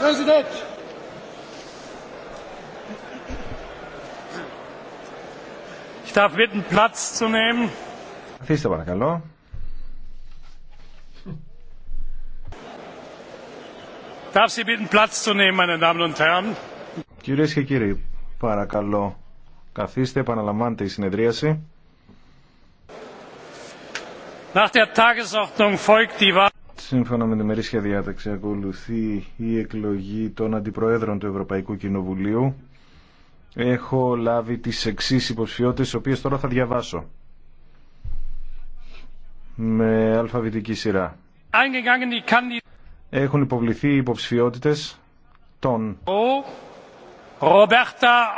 President. Ich darf bitten, Platz zu nehmen. Αφήστε παρακαλώ. Darf Sie bitten, Platz zu nehmen, meine Damen und Herren. Κυρίες και κύριοι, παρακαλώ, καθίστε, επαναλαμβάνετε η συνεδρίαση. Nach der Tagesordnung folgt die Wahl. Σύμφωνα με τη μερίσια διάταξη ακολουθεί η εκλογή των αντιπροέδρων του Ευρωπαϊκού Κοινοβουλίου. Έχω λάβει τις εξή υποψηφιότητες, τις οποίες τώρα θα διαβάσω. Με αλφαβητική σειρά. Έχουν υποβληθεί οι υποψηφιότητες των... Ρομπέρτα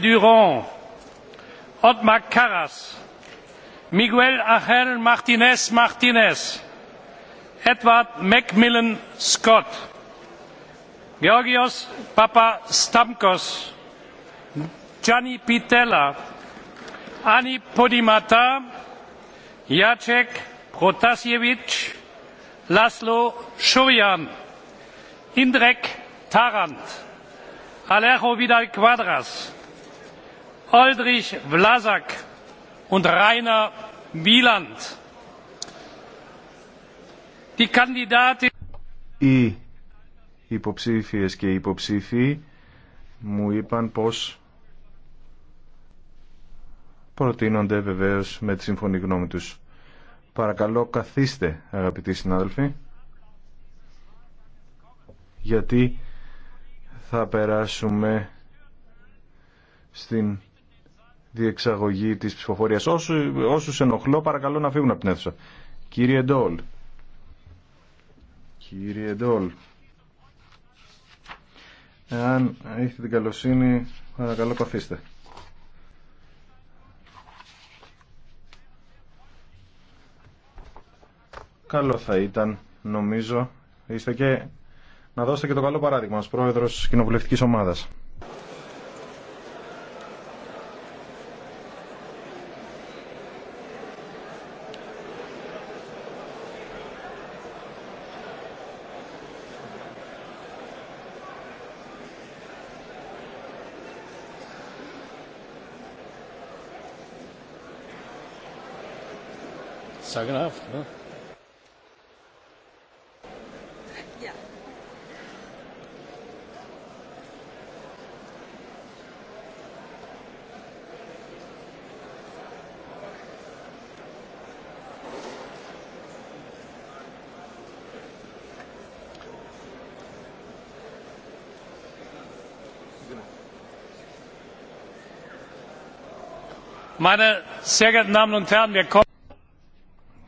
Ντουρόν, Καράς miguel angel martinez martinez edward mcmillan scott georgios papastamkos gianni pittella ani podimata jacek protasiewicz laszlo surjn indrek tarand alejo vidal quadras oldrich vlasak und rainer Οι υποψήφιες και οι υποψήφοι μου είπαν πως προτείνονται βεβαίως με τη σύμφωνη γνώμη τους. Παρακαλώ καθίστε αγαπητοί συνάδελφοι γιατί θα περάσουμε στην διεξαγωγή της ψηφοφορία. Όσου, όσους ενοχλώ παρακαλώ να φύγουν από την αίθουσα. Κύριε Ντόλ. Κύριε Ντόλ. Εάν έχετε την καλοσύνη, παρακαλώ καθίστε. Καλό θα ήταν, νομίζω, είστε και να δώσετε και το καλό παράδειγμα ως πρόεδρος της κοινοβουλευτικής ομάδας.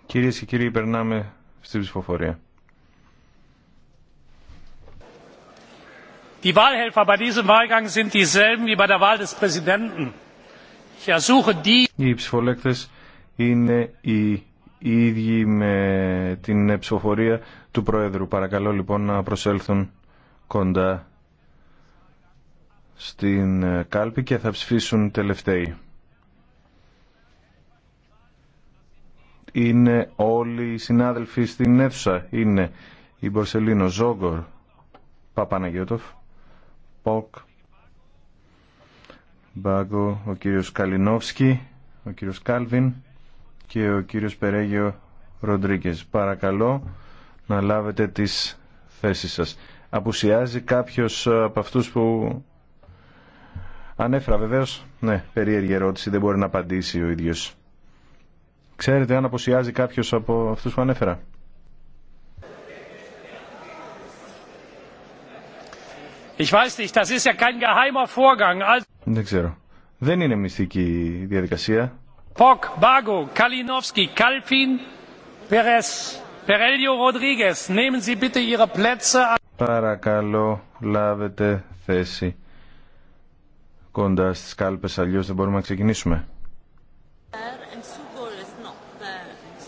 Κυρίες και κύριοι, περνάμε στην ψηφοφορία. Wahlhelfer bei diesem Wahlgang sind dieselben wie bei der Wahl des Präsidenten. Ich ersuche die. Οι ψηφολέκτε είναι οι ίδιοι με την ψηφοφορία του Προέδρου. Παρακαλώ λοιπόν να προσέλθουν κοντά στην κάλπη και θα ψηφίσουν τελευταίοι. είναι όλοι οι συνάδελφοι στην αίθουσα. Είναι η Μπορσελίνο Ζόγκορ, Παπαναγιώτοφ, Ποκ, Μπάγκο, ο κύριος Καλινόφσκι, ο κύριος Κάλβιν και ο κύριος Περέγιο Ροντρίκες. Παρακαλώ να λάβετε τις θέσεις σας. Απουσιάζει κάποιος από αυτούς που ανέφερα βεβαίως. Ναι, περίεργη ερώτηση, δεν μπορεί να απαντήσει ο ίδιος. Ξέρετε αν αποσιάζει κάποιο από αυτού που ανέφερα. Δεν ξέρω. Δεν είναι μυστική διαδικασία. Παρακαλώ, λάβετε θέση κοντά στις κάλπες, αλλιώς δεν μπορούμε να ξεκινήσουμε. Ε,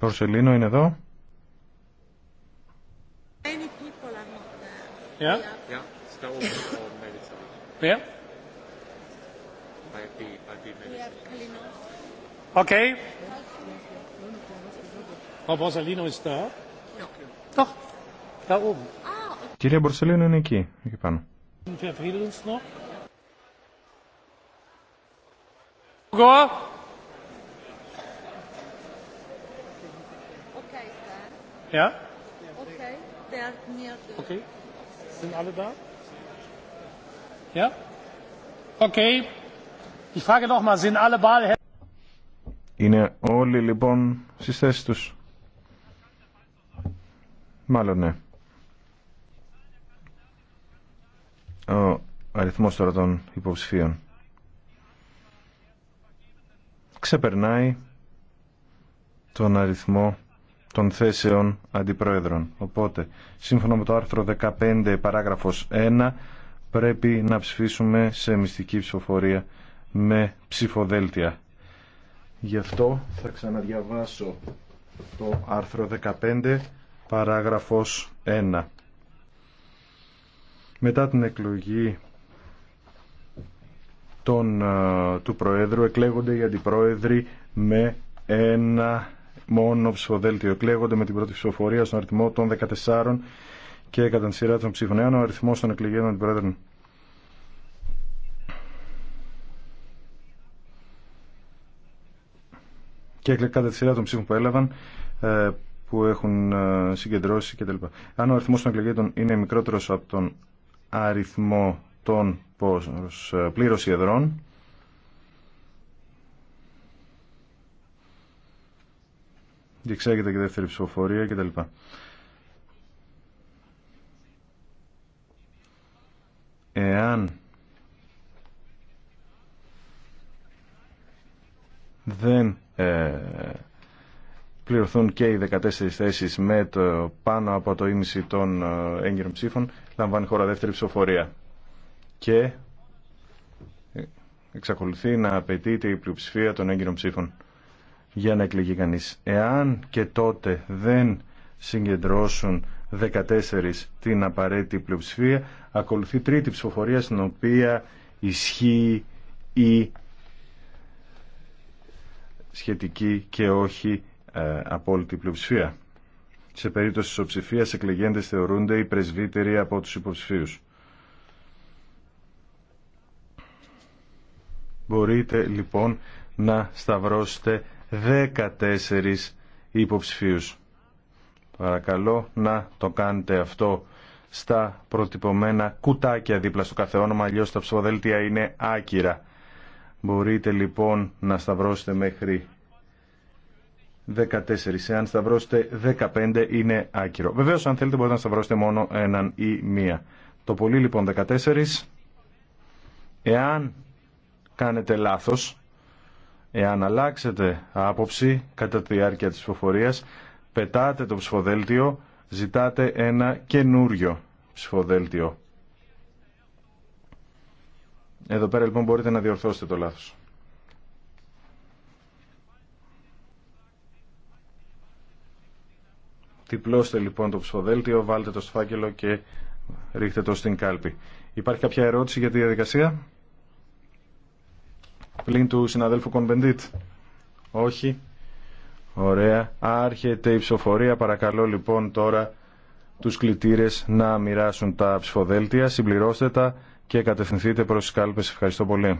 Μπορσελίνο είναι εδώ. Κυρία Μπορσελίνο είναι εκεί, εκεί πάνω. Go. Ja? Okay, der mir. Okay. Sind alle da? Ja? Okay. Ich frage noch mal, sind alle Wahlhelfer? Είναι όλοι λοιπόν στι θέσει του. Μάλλον ναι. Ο αριθμός τώρα των υποψηφίων ξεπερνάει τον αριθμό των θέσεων αντιπρόεδρων. Οπότε, σύμφωνα με το άρθρο 15 παράγραφος 1, πρέπει να ψηφίσουμε σε μυστική ψηφοφορία με ψηφοδέλτια. Γι' αυτό θα ξαναδιαβάσω το άρθρο 15 παράγραφος 1. Μετά την εκλογή των, ε, του Προέδρου εκλέγονται οι αντιπρόεδροι με ένα μόνο ψηφοδέλτιο. Εκλέγονται με την πρώτη ψηφοφορία στον αριθμό των 14 και κατά τη σειρά των ψηφων ο αριθμό των εκλεγένων αντιπρόεδρων. Και κατά τη σειρά των ψήφων που έλαβαν, ε, που έχουν ε, συγκεντρώσει κτλ. Αν ο αριθμό των εκλεγέντων είναι μικρότερο από τον αριθμό των ε, πλήρωση εδρών, διεξάγεται και δεύτερη ψηφοφορία κτλ. Εάν δεν ε, πληρωθούν και οι 14 θέσεις με το πάνω από το ίμιση των ε, έγκυρων ψήφων, λαμβάνει χώρα δεύτερη ψηφοφορία. Και εξακολουθεί να απαιτείται η πλειοψηφία των έγκυρων ψήφων για να εκλεγεί κανείς. Εάν και τότε δεν συγκεντρώσουν 14 την απαραίτητη πλειοψηφία, ακολουθεί τρίτη ψηφοφορία στην οποία ισχύει η σχετική και όχι ε, απόλυτη πλειοψηφία. Σε περίπτωση ισοψηφία εκλεγέντες θεωρούνται οι πρεσβύτεροι από τους υποψηφίους. Μπορείτε λοιπόν να σταυρώσετε 14 υποψηφίους. Παρακαλώ να το κάνετε αυτό στα προτυπωμένα κουτάκια δίπλα στο κάθε όνομα, αλλιώς τα ψηφοδέλτια είναι άκυρα. Μπορείτε λοιπόν να σταυρώσετε μέχρι 14. Εάν σταυρώσετε 15 είναι άκυρο. Βεβαίως αν θέλετε μπορείτε να σταυρώσετε μόνο έναν ή μία. Το πολύ λοιπόν 14. Εάν κάνετε λάθος Εάν αλλάξετε άποψη κατά τη διάρκεια της ψηφοφορίας, πετάτε το ψηφοδέλτιο, ζητάτε ένα καινούριο ψηφοδέλτιο. Εδώ πέρα λοιπόν μπορείτε να διορθώσετε το λάθος. Τυπλώστε λοιπόν το ψηφοδέλτιο, βάλτε το σφάκελο και ρίχτε το στην κάλπη. Υπάρχει κάποια ερώτηση για τη διαδικασία πλην του συναδέλφου Κονπεντίτ. Όχι. Ωραία. Άρχεται η ψηφοφορία. Παρακαλώ λοιπόν τώρα τους κλητήρες να μοιράσουν τα ψηφοδέλτια. Συμπληρώστε τα και κατευθυνθείτε προς τις κάλπες. Ευχαριστώ πολύ.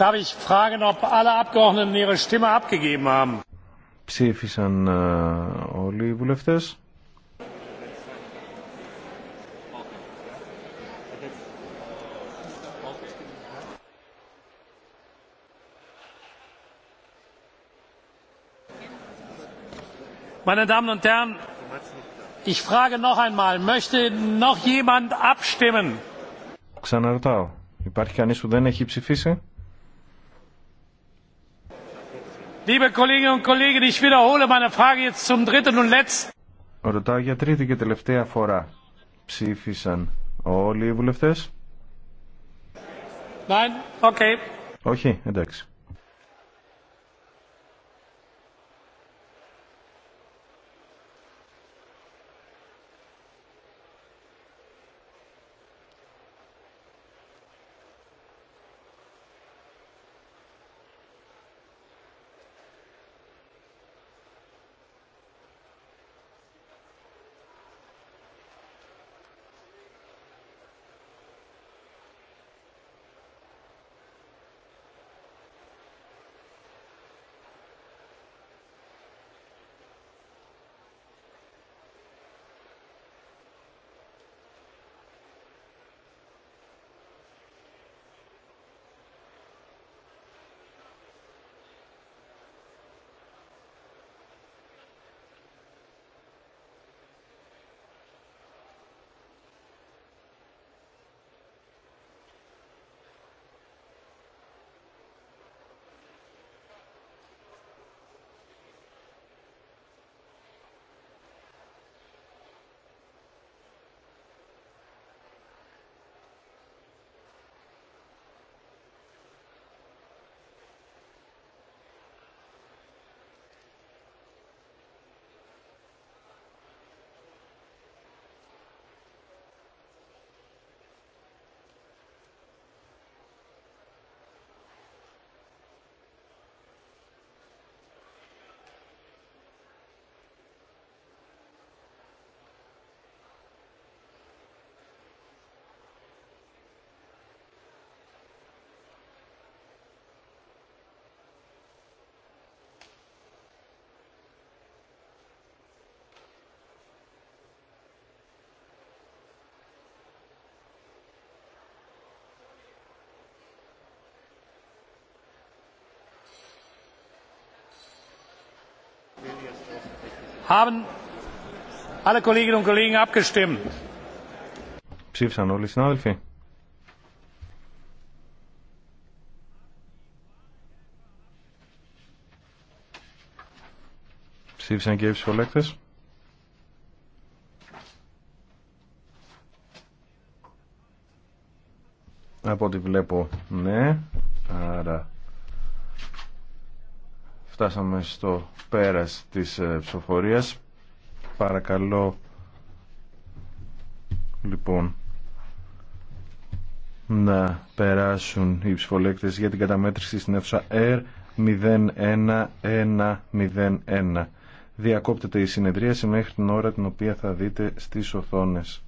Darf ich fragen, ob alle Abgeordneten ihre Stimme abgegeben haben? Ψήφισαν όλοι οι Meine Damen und Herren, ich frage noch einmal, möchte noch jemand abstimmen? Ξαναρωτάω, υπάρχει κανείς που δεν έχει Liebe Kolleginnen und Kollegen, ich wiederhole meine Frage jetzt zum dritten und letzten. Ρωτάω για τρίτη και τελευταία φορά. Ψήφισαν όλοι οι βουλευτές. Nein, okay. Όχι, εντάξει. Haben alle Kolleginnen und Kollegen abgestimmt? Ψήφισαν όλοι οι συνάδελφοι. Ψήφισαν και οι ψηφολέκτες. Από ό,τι βλέπω, ναι. Άρα φτάσαμε στο πέρας της ε, ψηφοφορίας. Παρακαλώ λοιπόν να περάσουν οι ψηφολέκτες για την καταμέτρηση στην αίθουσα R01101. Διακόπτεται η συνεδρίαση μέχρι την ώρα την οποία θα δείτε στις οθόνες.